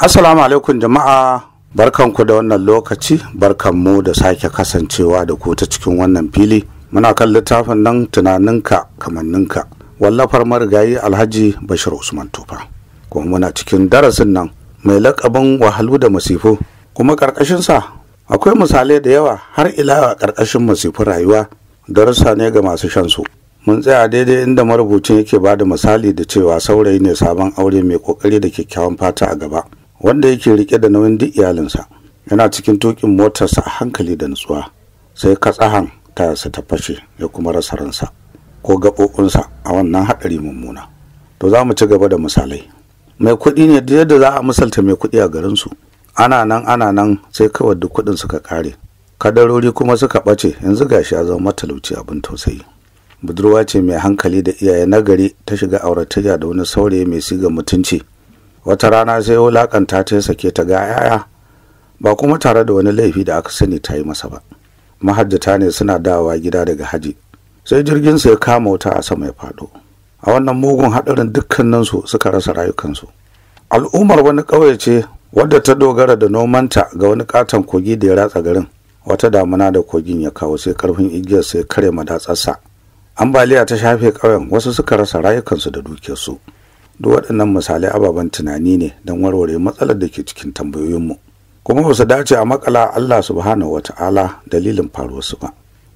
Assalamu alaikum jama'a barkanku da wannan lokaci barkanmu da sake kasancewa da ku ta cikin wannan fili muna kan littafin nan tunaninka kamanninka wallafar marigayi alhaji bashir usman tufa kuma muna cikin darasin nan mai lakabin wahalu da masifu kuma ƙarƙashinsa akwai misalai da yawa har ila ƙarƙashin masifu rayuwa darasa ne ga masu shan su mun tsaya daidai inda marubucin yake ba da misali da cewa saurayi ne sabon aure mai kokari da kyakkyawan fata a gaba wanda yake rike da nauyin duk iyalinsa yana cikin tukin motarsa a hankali da nutsuwa sai katsahan tayarsa ta fashe ya kuma rasa ransa ko gaɓoɓinsa a wannan haɗari mummuna to za mu ci gaba da misalai mai kuɗi ne da yadda za a misalta mai kuɗi a garinsu ana nan ana nan sai kawai duk kuɗin suka kare. kadarori kuma suka ɓace yanzu gashi ya zama matalauci abin tausayi budurwa ce mai hankali da iyaye nagari ta shiga auratayya da wani saurayi mai siga mutunci wata rana sai wulakanta ta ya sake ta ga yaya ba kuma tare da wani laifi da aka sani ta yi masa ba mahajjata ne suna dawowa gida daga haji sai jirgin su ya kama wuta a sama ya faɗo a wannan mugun haɗarin dukkaninsu suka rasa rayukansu al'ummar wani ƙauye ce wadda ta dogara da nomanta ga wani katon kogi da ya ratsa garin wata damuna da kogin ya kawo sai karfin igiyar sai kare madatsarsa ambaliya ta shafe ƙauyen wasu suka rasa rayukansu da dukiyarsu duk waɗannan misalai ababen tunani ne don warware matsalar da ke cikin tambayoyinmu kuma ba su dace a makala Allah subhanahu wata'ala dalilin su ba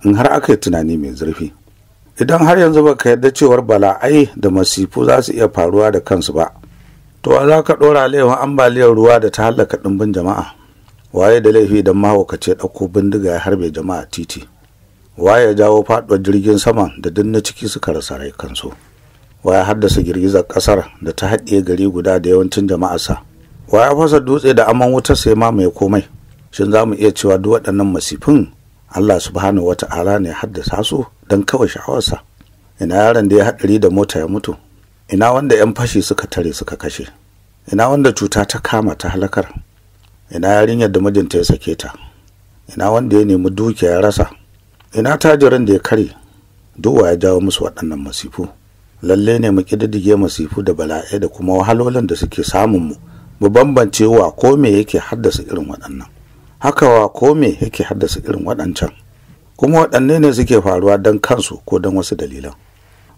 in har aka yi tunani mai zurfi idan har yanzu ba ka yarda cewar bala'ai da masifu za su iya faruwa da kansu ba to a za ka ɗora laifin ambaliyar ruwa da ta hallaka ɗimbin jama'a waye da laifi don mahaukaci ɗauko bindiga ya harbe jama'a titi waye ya jawo faɗuwar jirgin sama da duk na ciki suka rasa rai kansu waya haddasa girgizar kasar da ta haɗe gari guda da yawancin jama'arsa waya fasa dutse da aman wuta sai ma mai komai shin za mu iya cewa duk waɗannan masifin Allah subhanahu wata'ala ne haddasa su don kawai sha'awarsa ina yaron da ya haɗari da mota ya mutu ina wanda 'yan fashi suka tare suka kashe ina wanda cuta ta kama ta halakar ina yarinyar da mijinta ya sake ta ina wanda ya nemi dukiya ya rasa ina tajirin da ya kare duk ya jawo musu waɗannan masifu lalle ne mu kididdige masifu da bala'ai da kuma wahalolin da suke samun mu mu bambance wa ko me yake haddasa irin waɗannan haka wa ko me yake haddasa irin waɗancan kuma waɗanne ne suke faruwa don kansu ko don wasu dalilan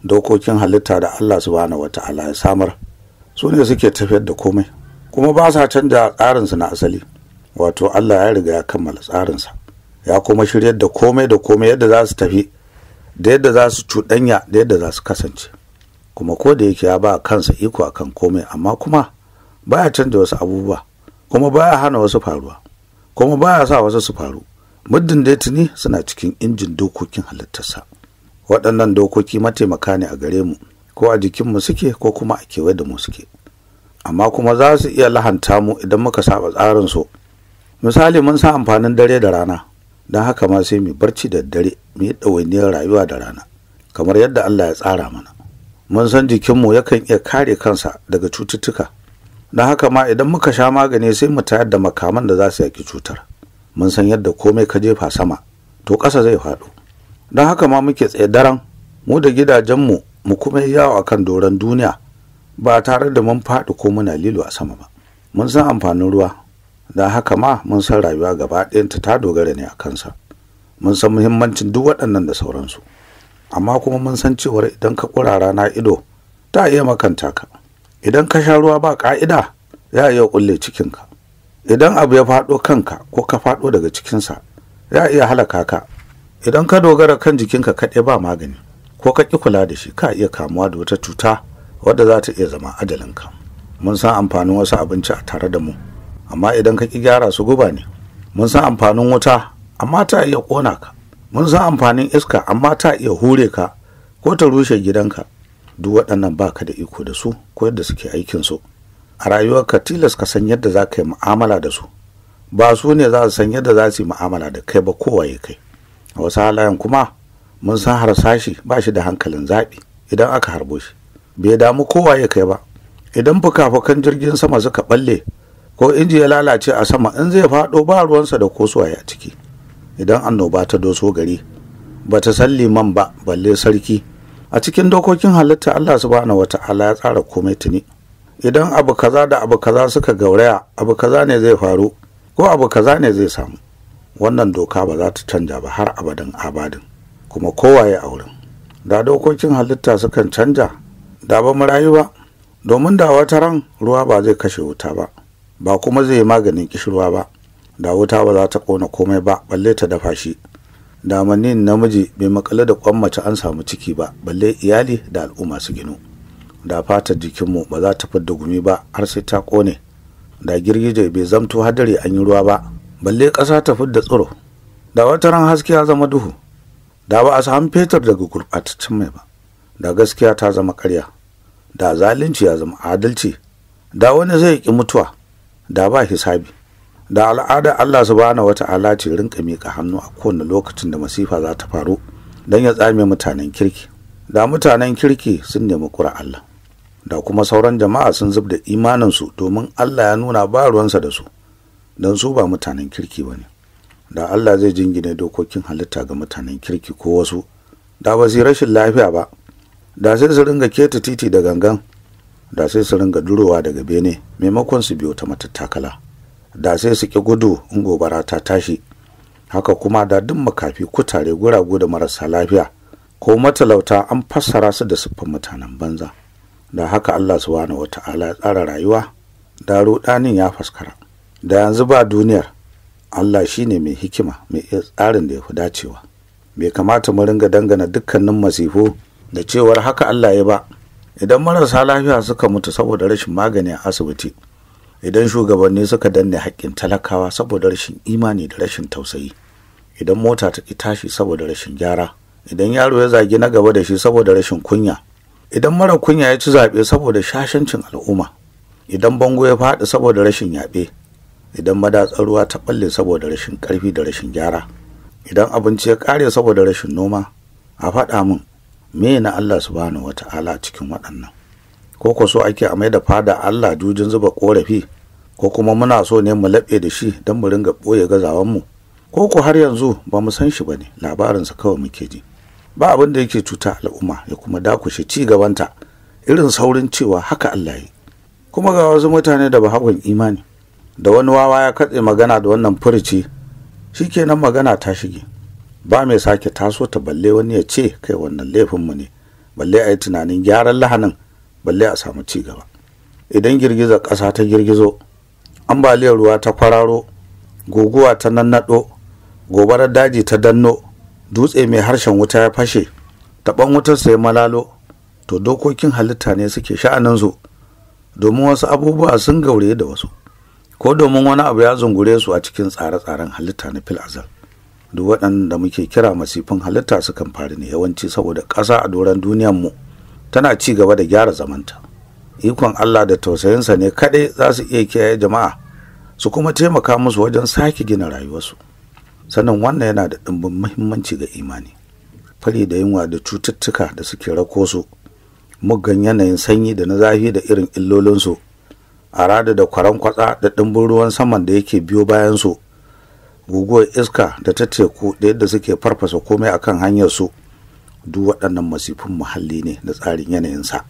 dokokin halitta da Allah subhanahu wata'ala ya samar su ne suke tafiyar da komai kuma ba sa canja su na asali wato Allah ya riga ya kammala tsarinsa ya kuma shiryar da komai da komai yadda za su tafi da yadda za su cuɗanya da yadda za su kasance kuma ko da yake ya ba kansa iko akan komai amma kuma baya canza wasu abubuwa kuma baya hana wasu faruwa kuma baya sa wasu su faru muddin dai tuni suna cikin injin dokokin halittarsa waɗannan dokoki mataimaka ne a gare mu ko a jikinmu suke ko kuma a kewaye da mu suke amma kuma za su iya lahanta mu idan muka saba tsarin su misali mun sa amfanin dare da rana don haka ma sai mu barci da dare mu yi ɗawainiyar rayuwa da rana kamar yadda Allah ya tsara mana mun san jikinmu yakan iya kare kansa daga cututtuka don haka ma idan muka sha magani sai mu tayar da makaman da za su yaƙi cutar mun san yadda komai ka jefa sama to ƙasa zai faɗo don haka ma muke tsaye daren mu da gidajenmu mu kuma yi yawo akan doron duniya ba tare da mun faɗi ko muna lilo a sama ba mun san amfanin ruwa don haka ma mun san rayuwa gaba ɗayanta ta dogara ne a kansa mun san muhimmancin duk waɗannan da sauransu amma kuma mun san cewar idan ka ƙura rana ido ta iya makanta ka idan ka sha ruwa ba ƙa'ida ya iya ƙulle cikinka idan abu ya faɗo kanka ko ka faɗo daga cikinsa ya iya halaka ka idan ka dogara kan jikinka kaɗai ba magani ko ka ƙi kula da shi ka iya kamuwa da wata cuta wadda za ta iya zama ajalinka mun san amfanin wasu abinci a tare da mu amma idan ka ƙi gyara su guba ne mun san amfanin wuta amma ta iya ƙona ka mun san amfanin iska amma ta iya hure ka ko ta rushe gidanka duk waɗannan ba ka da iko da su ko yadda suke aikin su a rayuwarka tilas ka san yadda za ka yi mu'amala da su ba su ne za su san yadda za su yi mu'amala da kai ba kowaye kai a wasu halayen kuma mun san harsashi ba shi da hankalin zaɓi idan aka harbo shi bai damu kowaye kai ba idan fukafukan jirgin sama suka balle ko inji ya lalace a sama in zai faɗo ba ruwansa da kosuwaye a ciki idan annoba ta doso gari ba ta san liman ba balle sarki a cikin dokokin halitta Allah subhanahu wata'ala ya tsara komai tuni idan abu kaza da abu kaza suka gauraya abu kaza ne zai faru ko abu kaza ne zai samu wannan doka ba za ta canja ba har abadan abadin kuma kowaye a wurin da dokokin halitta sukan canja da ba mu rayu ba domin da wata ran ruwa ba zai kashe wuta ba ba kuma zai maganin kishirwa ba da wuta ba za ta kona komai ba balle ta dafa shi da namiji bai makale da kwan mace an samu ciki ba balle iyali da al'umma su ginu da fatar jikinmu ba za ta fidda gumi ba har sai ta kone da girgije bai zamto hadari an yi ruwa ba balle ƙasa ta fidda tsiro da wata ran haske ya zama duhu da ba a samu fetur daga gurɓataccen mai ba da gaskiya ta zama ƙarya da zalunci ya zama adalci da wani zai ki mutuwa da ba hisabi da al'ada Allah Su subhanahu wata'ala ce rinka miƙa hannu a kowane lokacin da masifa za ta faru don ya tsame mutanen kirki da mutanen kirki sun nemi kura Allah da kuma sauran jama'a sun zub da imaninsu domin Allah ya nuna ba ruwansa da su don su ba mutanen kirki ba ne da Allah zai jingine dokokin halitta ga mutanen kirki ko wasu da ba su rashin lafiya ba da sai su ringa keta titi da gangan da sai su ringa durowa daga bene maimakon su biyo ta matattakala da sai su ki gudu in gobara ta tashi haka kuma da duk makafi kutare guragu da marasa lafiya ko matalauta an fassara su da siffin mutanen banza da haka Allah subhanahu wata'ala ya tsara rayuwa da rudanin ya faskara da yanzu ba duniyar Allah shine mai hikima mai iya tsarin da ya fi dacewa bai kamata mu ringa dangana dukkanin masifo da cewar haka Allah ya ba idan marasa lafiya suka mutu saboda rashin magani a asibiti idan shugabanni suka danne haƙƙin talakawa saboda rashin imani da rashin tausayi idan mota ta tashi saboda rashin gyara idan yaro ya zagi na gaba da shi saboda rashin kunya idan mara kunya ya ci zaɓe saboda shashancin al'umma idan bango ya faɗi saboda rashin yaɓe idan madatsar ruwa ta ɓalle saboda rashin ƙarfi da rashin gyara idan abinci ya ƙare saboda rashin noma a faɗa min me na Allah subhanahu wata'ala cikin waɗannan ko ko so ake a mai da fada Allah jujin zuba korafi ko kuma muna so ne mu laɓe da shi don mu ringa ɓoye gazawanmu ko ku har yanzu ba mu san shi ba ne labarinsa kawai muke ji ba abin da yake cuta al'umma ya kuma dakushe ci gabanta irin saurin cewa haka Allah yi kuma ga wasu mutane da ba hakan, imani da wani wawa ya katse magana da wannan furici shikenan magana ta shige ba mai sake taso ta balle wani ya ce kai wannan laifinmu ne balle a yi tunanin gyaran lahanin balle a samu ci gaba idan girgizar ƙasa ta girgizo ambaliyar ruwa ta kwararo guguwa ta nannaɗo gobarar daji ta danno dutse mai harshen wuta ya fashe taɓan wutar sai malalo to dokokin halitta ne suke sha'aninsu domin wasu abubuwa sun gaure da wasu ko domin wani abu ya zungure su a cikin tsare-tsaren halitta na filazal duk waɗanda muke kira masifin halitta sukan faru ne yawanci saboda ƙasa a doron duniyar mu tana ci gaba da gyara zamanta ikon Allah da tausayinsa ne kaɗai za su iya kiyaye jama'a su kuma taimaka musu wajen sake gina rayuwarsu sannan wannan yana da ɗimbin muhimmanci ga imani fari da yunwa da cututtuka da suke rako su muggan yanayin sanyi da na zafi da irin illolinsu a rada da kwaran kwatsa da ɗimbin ruwan saman da yake biyo bayan su guguwar iska da ta teku da yadda suke farfasa komai akan hanyar su duk waɗannan masifin muhalli ne na tsarin yanayinsa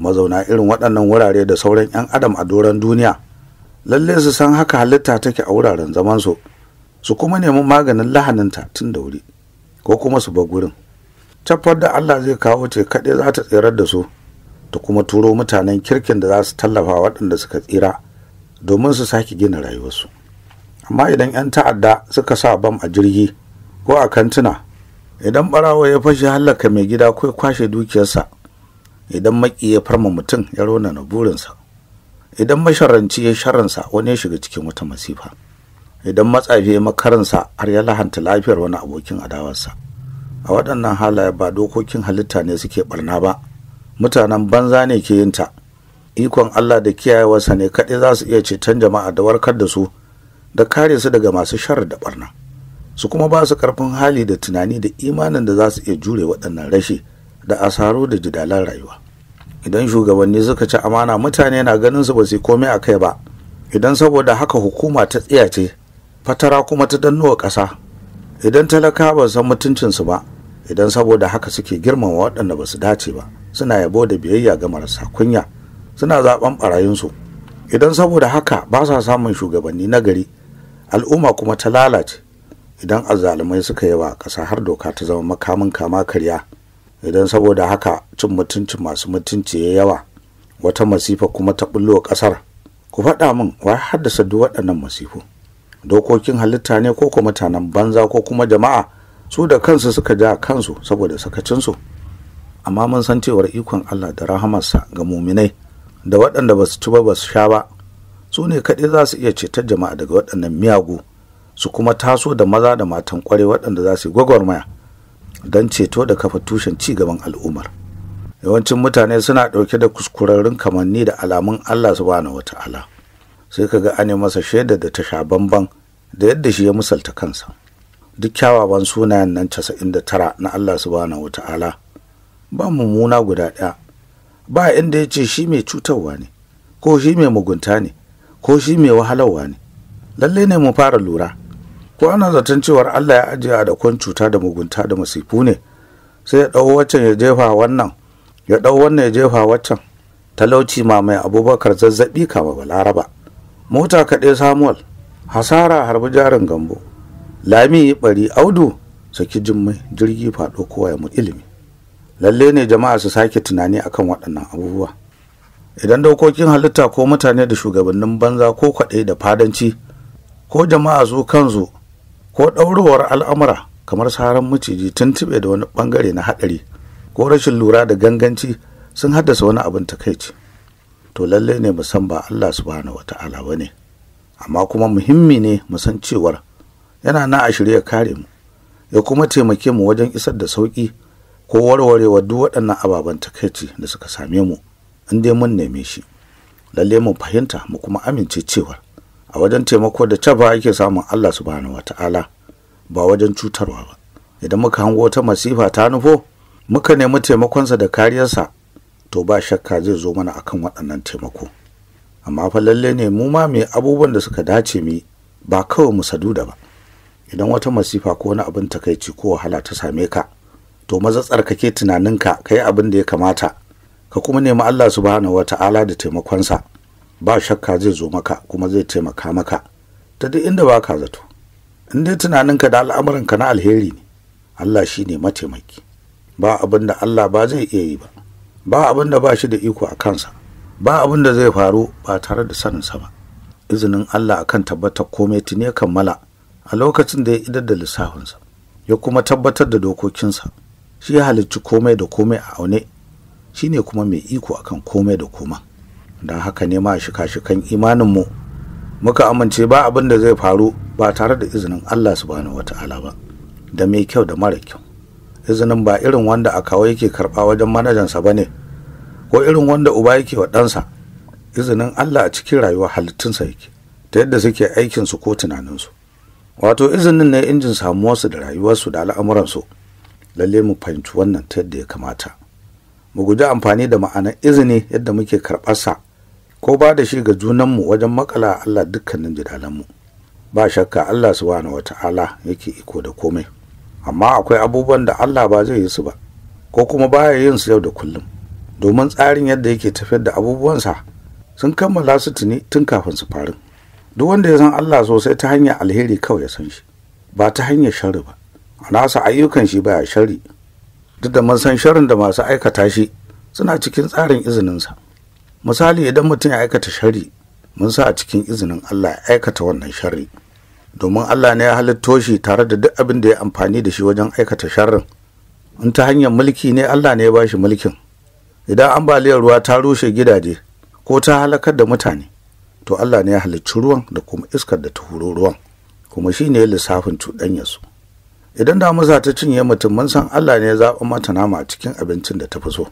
mazauna irin waɗannan wurare da sauran 'yan adam a doron duniya lalle su san haka halitta take a wuraren zamansu su kuma nemi maganin lahaninta tun da wuri ko kuma su bar gurin tabbar da allah zai kawo ce kaɗai za ta tsirar da su ta kuma turo mutanen kirkin da za su tallafa waɗanda suka tsira domin su sake gina rayuwarsu amma idan 'yan ta'adda suka sa bam a jirgi ko a kantuna idan barawo ya fashe hallaka mai gida ko kwashe dukiyarsa idan maki ya farma mutum ya rona na burinsa idan masharanci ya sharansa wani ya shiga cikin wata masifa idan matsafi ya makaransa har ya lahanta lafiyar wani abokin adawarsa a waɗannan halaye ba dokokin halitta ne suke barna ba mutanen banza ne ke yinta ikon Allah da kiyayewarsa ne kaɗai za su iya ceton jama'a da warkar da su da kare su daga masu sharar da barna. su kuma ba su karfin hali da tunani da imanin da za su iya jure waɗannan rashi da asaro da jidalan rayuwa idan shugabanni suka ci amana mutane na ganin su ba su komai a kai ba idan saboda haka hukuma ta tsiyace fatara kuma ta dannuwa ƙasa idan talaka ba san mutuncinsu ba idan saboda haka suke girmama waɗanda ba su dace ba suna yabo da biyayya ga marasa kunya suna zaben ɓarayinsu. idan saboda haka ba sa samun shugabanni nagari al'umma kuma ta lalace idan azzalumai suka yawa ƙasa har doka ta zama makamin kama karya idan saboda haka cin mutunci masu mutunci ya yawa wata masifa kuma ta bullo ƙasar ku faɗa min wa haddasa duk waɗannan masifu dokokin halitta ne ko kuma mutanen banza ko kuma jama'a su da kansu suka ja kansu saboda sakacinsu amma mun san cewar ikon Allah da rahamarsa ga muminai da waɗanda ba su ci ba ba su sha ba su ne kaɗai za su iya cetar jama'a daga waɗannan miyagu su kuma taso da maza da matan kwarai waɗanda za su yi gwagwarmaya don ceto da kafa tushen ci gaban al'ummar yawancin mutane suna ɗauke da kuskurarrun kamanni da alamun allah Su bana Wata Ala, sai ka ga ane masa shaida da ta sha bamban da yadda shi ya misalta kansa duk kyawawan sunayen nan casa'in da tara na allah Su bana Wata Ala. ba mummuna guda ɗaya ba inda ya ce shi mai cutarwa ne ko shi mai mugunta ne ko shi mai wahalarwa ne lallai ne mu fara lura ko ana zaton cewar Allah ya ajiye a dakon cuta da mugunta da masifu ne sai ya ɗau waccan ya jefa wannan ya ɗau wannan ya jefa waccan talauci ma mai abubakar zazzaɓi kama balaraba mota kaɗai samuel hasara harbi jarin gambo lami yi bari audu saki jimmai jirgi faɗo kowa ya mu ilimi lalle ne jama'a su sake tunani akan waɗannan abubuwa idan dokokin halitta ko mutane da shugabannin banza ko kwaɗai da fadanci ko jama'a su kansu ko ɗaurowar al'amura kamar saran maciji tuntuɓe da wani ɓangare na haɗari ko rashin lura da ganganci sun haddasa wani abin takaici to lallai ne mu san ba Allah subhanahu wata'ala ba ne amma kuma muhimmi ne mu san cewar yana na a shirye kare mu ya kuma taimake mu wajen isar da sauƙi ko warwarewa duk waɗannan ababen takaici da suka same mu in dai mun neme shi lallai mu fahimta mu kuma amince cewar a wajen taimako da ba yake samun Allah subhanahu wata'ala ba wajen cutarwa ba idan muka hango wata masifa ta nufo muka nemi taimakonsa da kariyarsa to ba shakka zai zo mana akan waɗannan taimako amma fa lalle ne mu ma mai abubuwan da suka dace mu ba kawai mu sadu da ba idan wata masifa ko wani abin takaici ko wahala ta same ka to maza tsarkake tunaninka ka yi abin da ya kamata ka kuma nemi Allah subhanahu wata'ala da taimakonsa ba shakka zai zo maka kuma zai taimaka maka ta duk inda baka zato in dai tunaninka da al'amuranka na alheri ne Allah shi ne mataimaki ba abin da Allah ba zai iya yi ba ba abin da ba shi da iko a kansa ba abin da zai faru ba tare da saninsa ba izinin Allah akan tabbatar komai tuni ya kammala a lokacin da ya idar da lissafinsa ya kuma tabbatar da dokokinsa shi ya halicci komai da komai a aune shi ne kuma mai iko akan komai da komai don haka ne ma shika-shikan imaninmu muka amince ba abin da zai faru ba tare da izinin Allah subhanahu wata'ala ba da mai kyau da mara kyau izinin ba irin wanda a kawo yake karɓa wajen manajansa ba ne ko irin wanda uba yake wa ɗansa izinin Allah a cikin rayuwa halittunsa yake ta yadda suke aikinsu ko tunaninsu wato izinin ne injin samuwarsu da rayuwarsu da al'amuran su. lalle mu fahimci wannan ta yadda ya kamata mu guji amfani da ma'anar izini yadda muke karɓarsa ko ba da shi ga junanmu wajen makala Allah dukkanin jidalanmu ba shakka Allah subhanahu wata'ala yake iko da komai amma akwai abubuwan da Allah ba zai yi su ba ko kuma baya yin su yau da kullum domin tsarin yadda yake tafiyar da abubuwansa sun kammala su tuni tun kafin su faru duk wanda ya san Allah sosai ta hanyar alheri kawai ya san shi ba ta hanyar sharri ba a nasa ayyukan shi ba ya sharri duk da mun san sharrin da masu aikata shi suna cikin tsarin izininsa misali idan mutum ya aikata shari mun sa a cikin izinin Allah ya aikata wannan shari domin Allah ne ya halitto shi tare da duk abin da ya amfani da shi wajen aikata sharrin in ta hanyar mulki ne Allah ne ya bashi mulkin idan ambaliyar ruwa ta rushe gidaje ko ta halakar da mutane to Allah ne ya halicci ruwan da kuma iskar da ta huro ruwan kuma shi ne lissafin cuɗanyarsu idan damusa ta cinye mutum mun san Allah ne ya zaɓa mata nama a cikin abincin da ta fi so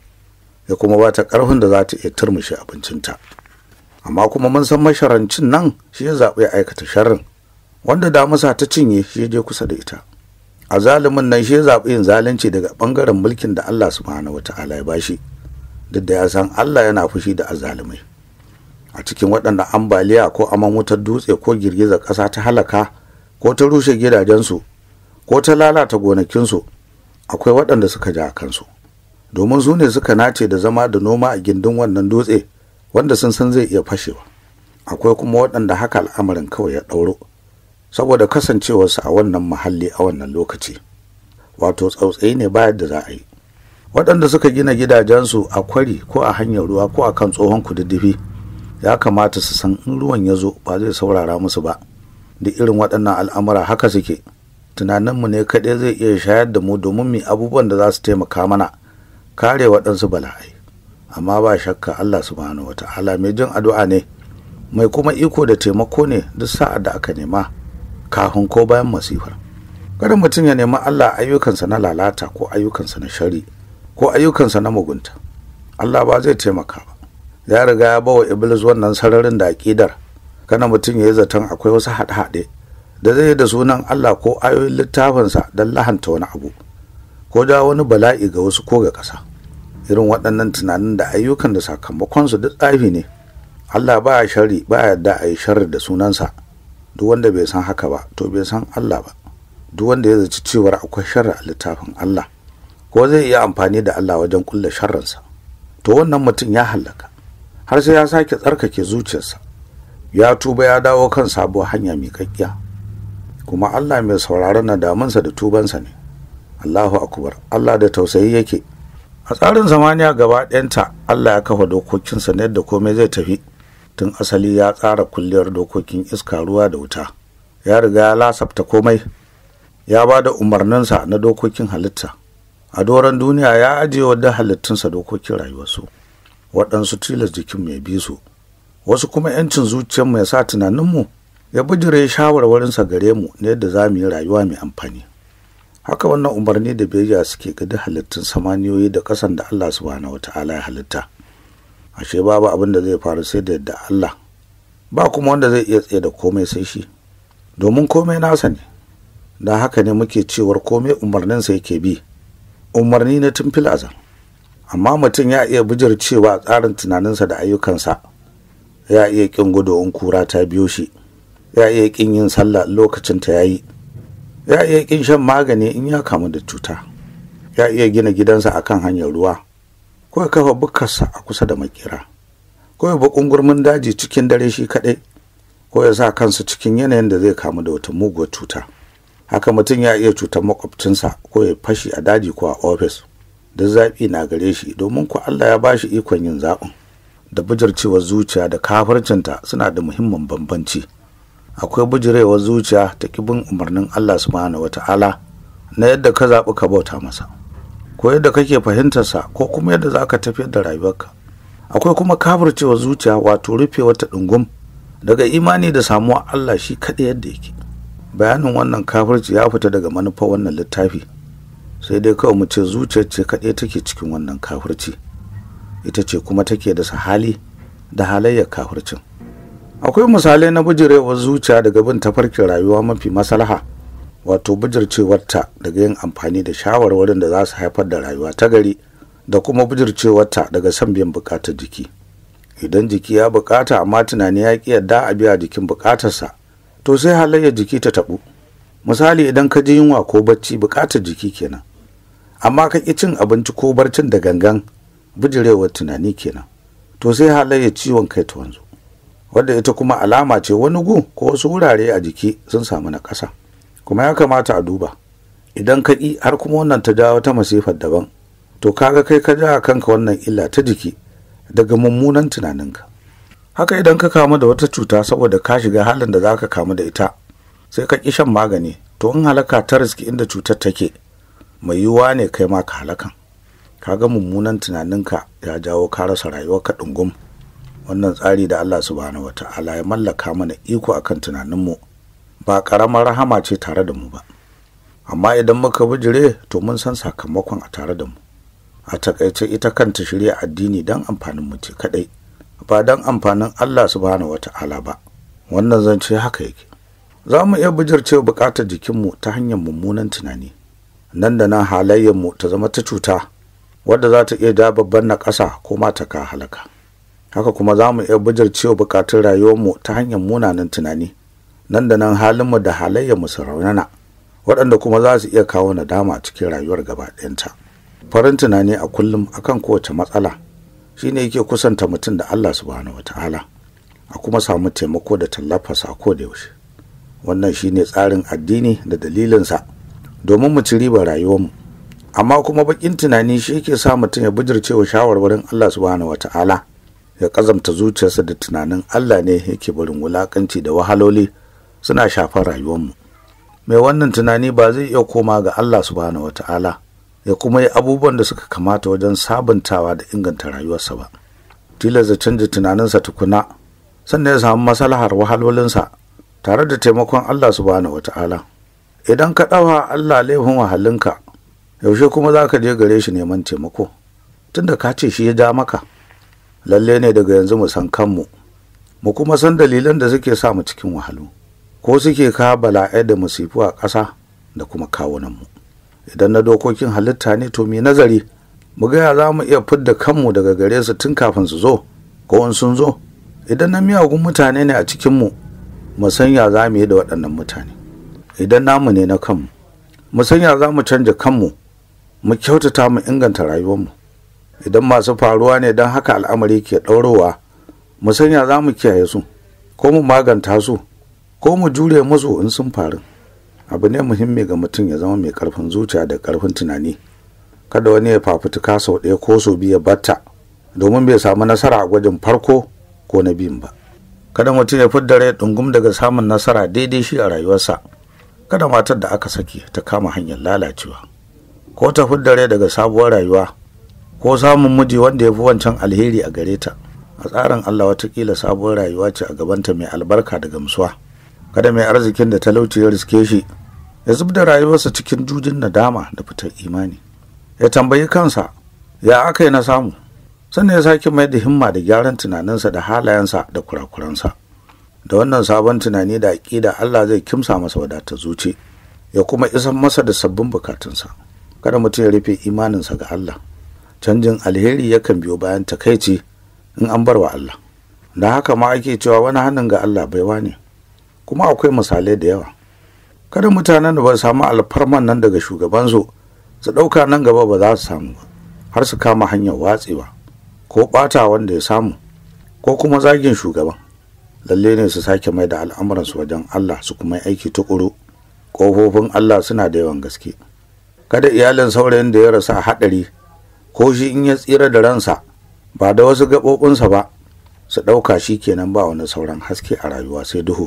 ya kuma ba ta ƙarfin da za ta iya turmushe abincinta amma kuma mun san masharancin nan shi ya zaɓi ya aikata sharrin wanda da masa ta cinye shi ya je kusa da ita a zalimin nan shi ya zaɓi yin zalunci daga ɓangaren mulkin da Allah subhanahu wa ta'ala ya bashi duk da ya san Allah yana fushi da azalimai a cikin waɗanda ambaliya ko aman wutar dutse ko girgizar ƙasa ta halaka ko ta rushe gidajensu ko ta lalata gonakinsu akwai waɗanda suka ja kansu domin su ne suka nace da zama da noma a gindin wannan dutse wanda sun san zai iya fashewa akwai kuma waɗanda haka al'amarin kawai ya ɗauro saboda kasancewarsu a wannan muhalli a wannan lokaci wato tsautsayi ne bayan da za a yi waɗanda suka gina gidajensu a kwari ko a hanyar ruwa ko a kan tsohon kududdufi ya kamata su san in ruwan ya zo ba zai saurara musu ba da irin waɗannan al'amura haka suke tunaninmu ne kaɗai zai iya shayar da mu domin mu abubuwan da za su taimaka mana kare waɗansu bala'ai amma ba shakka Allah subhanahu wata'ala mai jin addu'a ne mai kuma iko da taimako ne duk sa'ad da aka nema kafin ko bayan masifar kada mutum ya nemi Allah ayyukansa na lalata ko ayyukansa na shari ko ayyukansa na mugunta Allah ba zai taimaka ba ya riga ya bawa iblis wannan sararin da aƙidar kana mutum ya yi zaton akwai wasu haɗe-haɗe da zai yi da sunan Allah ko ayoyin littafinsa don lahanta wani abu ko da wani bala'i ga wasu ko ga ƙasa irin waɗannan tunanin da ayyukan da sakamakonsu duk tsafi ne allah ba shari ba yadda yarda a yi shari da sunansa duk wanda bai san haka ba to bai san allah ba duk wanda ya zaci cewar akwai shari a littafin allah ko zai iya amfani da allah wajen kulle sharransa. to wannan mutum ya hallaka har sai ya sake tsarkake zuciyarsa ya tuba ya dawo kan sabuwar hanya miƙaƙƙiya kuma allah mai sauraron nadamunsa da tubansa ne allahu akbar allah da tausayi yake a tsarin zamaniya gaba ɗayanta allah ya kafa dokokinsa na yadda komai zai tafi tun asali ya tsara kulliyar dokokin iska ruwa da wuta ya riga ya lasafta komai ya ba da umarninsa na dokokin halitta a doron duniya ya ajiye wadda halittunsa dokokin rayuwarsu waɗansu tilas jikin mai bi su wasu kuma yancin zuciyarmu ya sa tunaninmu ya bijire shawarwarinsa gare mu ne yadda za mu yi rayuwa mai amfani haka wannan umarni da biyayya suke ga duk halittun samaniyoyi da ƙasan da Allah subhanahu wata'ala ya halitta ashe babu abin da zai faru sai da yadda Allah ba kuma wanda zai iya tsaye da komai sai shi domin komai nasa ne da haka ne muke cewar komai umarnin sa yake bi umarni na tun filaza amma mutum ya iya bijircewa tsarin tunaninsa da ayyukansa ya iya ƙin gudu in kura ta biyo shi ya iya ƙin yin sallah lokacin ta yayi ya iya kin shan magani in ya kamu da cuta ya iya gina gidansa akan hanyar ruwa ko ya kafa bukkarsa a kusa da makera ko ya gurmin daji cikin dare shi kaɗai ko ya sa kansa cikin yanayin da zai kamu da wata muguwar cuta haka mutum ya iya cutar makwabcinsa ko ya fashi a daji ko a ofis duk zaɓi na gare shi domin ku Allah ya bashi ikon yin zaɓin da bijircewar zuciya da kafircinta suna da muhimmin bambanci akwai bujirewar zuciya ta kibin umarnin Allah subhanahu wata'ala na yadda ka zaɓi ka bauta masa ko yadda kake fahimtarsa ko kuma yadda za ka tafiyar da rayuwarka akwai kuma kafircewa zuciya wato rufe wata ɗungum daga imani da samuwa Allah shi kaɗai yadda yake bayanin wannan kafirci ya fita daga manufa wannan littafi sai dai kawai mu ce zuciyar ce kaɗai take cikin wannan kafirci ita ce kuma take da sahali da halayyar kafircin akwai misalai na bijirewar zuciya daga bin tafarkin rayuwa mafi masalaha wato bijircewarta daga yin amfani da shawarwarin da za su haifar da rayuwa ta gari da kuma bijircewarta daga son biyan bukatar jiki idan jiki ya bukata amma tunani ya ki yadda a biya jikin bukatarsa to sai halayyar jiki ta tabu misali idan ka ji yunwa ko bacci bukatar jiki kenan amma ka ƙi cin abinci ko barcin da gangan bijirewar tunani kenan to sai halayyar ciwon kai ta wanzu wadda ita kuma alama ce wani gu ko wasu wurare a jiki sun samu na ƙasa kuma ya kamata a duba idan ka har kuma wannan ta jawo ta masifar daban to kaga kai ka ja kanka wannan illa ta jiki daga mummunan tunaninka haka idan ka kamu da wata cuta saboda ka shiga halin da za ka kamu da ita sai ka ƙi shan magani to in halaka ta riski inda cutar take mai yiwuwa ne kai ma ka halakan kaga mummunan tunaninka ya jawo ka rasa rayuwarka ɗungum wannan tsari da Allah subhanahu wata'ala ya mallaka mana iko akan tunaninmu ba ƙaramar rahama ce tare da mu ba amma idan muka bijire to mun san sakamakon a tare da mu a takaice ita kanta shirya addini don amfanin mu ce kadai ba don amfanin Allah subhanahu wata'ala ba wannan zance haka yake za mu iya bijirce bukatar jikinmu ta hanyar mummunan tunani nan da nan halayyarmu ta zama ta cuta wadda za ta iya ja babban na ƙasa ko ma ta ka halaka haka kuma za mu iya bujar cewa bukatun rayuwarmu ta hanyar munanan tunani nan da nan halinmu da halayyarmu su raunana waɗanda kuma za su iya kawo nadama a cikin rayuwar gaba ɗayanta farin tunani a kullum akan kowace matsala shine yake kusanta mutum da Allah subhanahu wataala a kuma samu taimako da tallafasa ko da yaushe wannan shine tsarin addini da dalilinsa domin mu ci riba rayuwarmu amma kuma bakin tunani shi yake sa mutum ya wa shawarwarin Allah subhanahu wataala ya ƙazamta zuciyarsa da tunanin Allah ne yake barin wulakanci da wahaloli suna shafar rayuwarmu mai wannan tunani ba zai iya koma ga Allah subhanahu wata'ala ya kuma yi abubuwan da suka kamata wajen sabuntawa da inganta rayuwarsa ba tilas da canza tunaninsa tukuna sannan ya samu masalahar wahalolinsa tare da taimakon Allah subhanahu wata'ala idan ka ɗawa Allah laifin wahalinka yaushe kuma za ka je gare shi neman taimako tunda ka ce shi ya ja maka lalle ne daga yanzu mu san kanmu mu kuma san dalilan da suke sa mu cikin wahalu ko suke kawo bala'ai da musifu a ƙasa da kuma kawunanmu idan na dokokin halitta ne to mi nazari mu gaya za mu iya fidda kanmu daga gare su tun kafin su zo ko in sun zo idan na miyagun mutane ne a cikinmu mu san ya za mu yi da waɗannan mutane idan namu ne na kanmu mu san ya za mu canja kanmu mu kyautata mu inganta rayuwarmu idan masu faruwa ne don haka al'amari ke ɗaurowa mu sanya za mu kiyaye su ko mu maganta su ko mu jure musu in sun faru abu ne muhimmi ga mutum ya zama mai karfin zuciya da karfin tunani kada wani ya fafutuka sau ɗaya ko sau biyu ya batta domin bai samu nasara a gwajin farko ko na biyun ba kada mutum ya fidda rai ɗungum daga samun nasara daidai shi a rayuwarsa kada matar da aka saki ta kama hanyar lalacewa ko ta fidda rai daga sabuwar rayuwa ko samun miji wanda ya fi wancan alheri a gare ta a tsarin Allah watakila sabuwar rayuwa ce a gabanta mai albarka da gamsuwa kada mai arzikin da talauci ya riske shi ya zub da rayuwarsa cikin jujin nadama da fitar imani ya tambayi kansa ya aka yi na samu sannan ya sake mai da himma da gyaran tunaninsa da halayensa da kurakuransa da wannan sabon tunani da aƙida Allah zai kimsa masa wadata zuci ya kuma isan masa da sabbin bukatunsa kada mutum ya rufe imaninsa ga Allah canjin alheri yakan biyo bayan takaici in an bar wa Allah don haka ma ake cewa wani hannun ga Allah baiwa ne kuma akwai misalai da yawa kada mutanen da ba samu alfarman nan daga shugabansu su ɗauka nan gaba ba za su samu ba har su kama hanyar watsewa ko ɓata wanda ya samu ko kuma zagin shugaban lalle ne su sake mai da al'amuransu wajen Allah su kuma aiki tukuru ƙofofin Allah suna da yawan gaske kada iyalin saurayin da ya rasu a haɗari ko shi in ya tsira da ransa ba da wasu gaɓoɓinsa ba su ɗauka shi kenan ba wani sauran haske a rayuwa sai duhu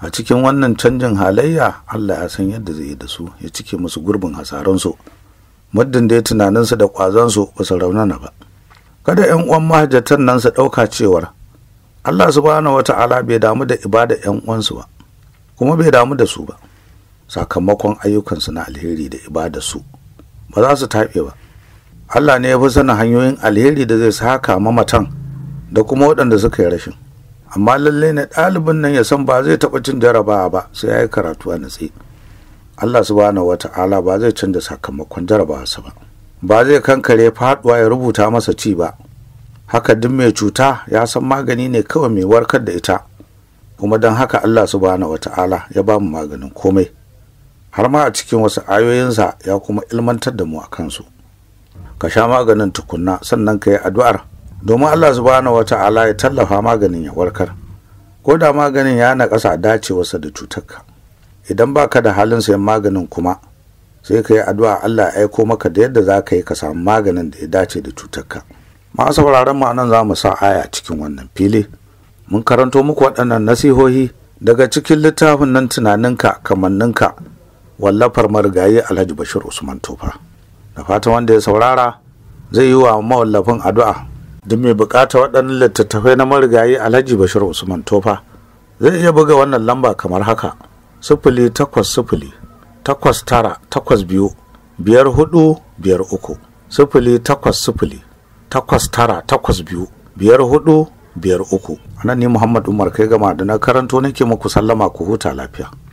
a cikin wannan canjin halayya allah ya san yadda zai yi da su ya cike musu gurbin hasaransu muddin da ya tunaninsu da ƙwazonsu ba su raunana ba kada yan uwan mahajjatan nan su ɗauka cewar allah subhanahu wa ta'ala bai damu da ibada yan uwansu ba kuma bai damu da su ba sakamakon ayyukansu na alheri da ibada su ba za su taɓe ba Allah ne ya fi sanin hanyoyin alheri da zai saka mamatan da kuma waɗanda suka yi rashin amma lalle ne ɗalibin nan ya san ba zai taɓa cin jarabawa ba sai ya yi karatu a natsi Allah subhanahu wa ta'ala ba zai canza sakamakon su ba ba zai kankare faɗuwa ya rubuta masa ci ba haka duk mai cuta ya san magani ne kawai mai warkar da ita kuma don haka Allah subhanahu wa ta'ala ya ba mu maganin komai har ma a cikin wasu ayoyinsa ya kuma ilmantar da mu a kansu ka sha maganin tukunna sannan ka yi addu'ar domin Allah subhanahu wa ta'ala ya tallafa maganin ya warkar ko da maganin ya na ƙasa dacewarsa da cutarka idan baka da halin sayan maganin kuma sai ka yi addu'a Allah ya aiko maka da yadda za ka yi ka samu maganin da ya dace da cutarka ma sauraron mu anan za mu sa aya cikin wannan fili mun karanto muku waɗannan nasihohi daga cikin littafin nan tunaninka kamanninka wallafar marigayi Alhaji Bashir Usman Tofa da fatan wanda ya saurara zai yi wa mawallafin addu'a duk mai bukata waɗannan littattafai na marigayi alhaji bashir usman tofa zai iya buga wannan lamba kamar haka sifili takwas sifili takwas tara takwas biyu biyar hudu biyar uku sifili takwas sifili takwas tara takwas biyu biyar hudu biyar uku anan ni muhammad umar kai gama da na karanto nake muku sallama ku huta lafiya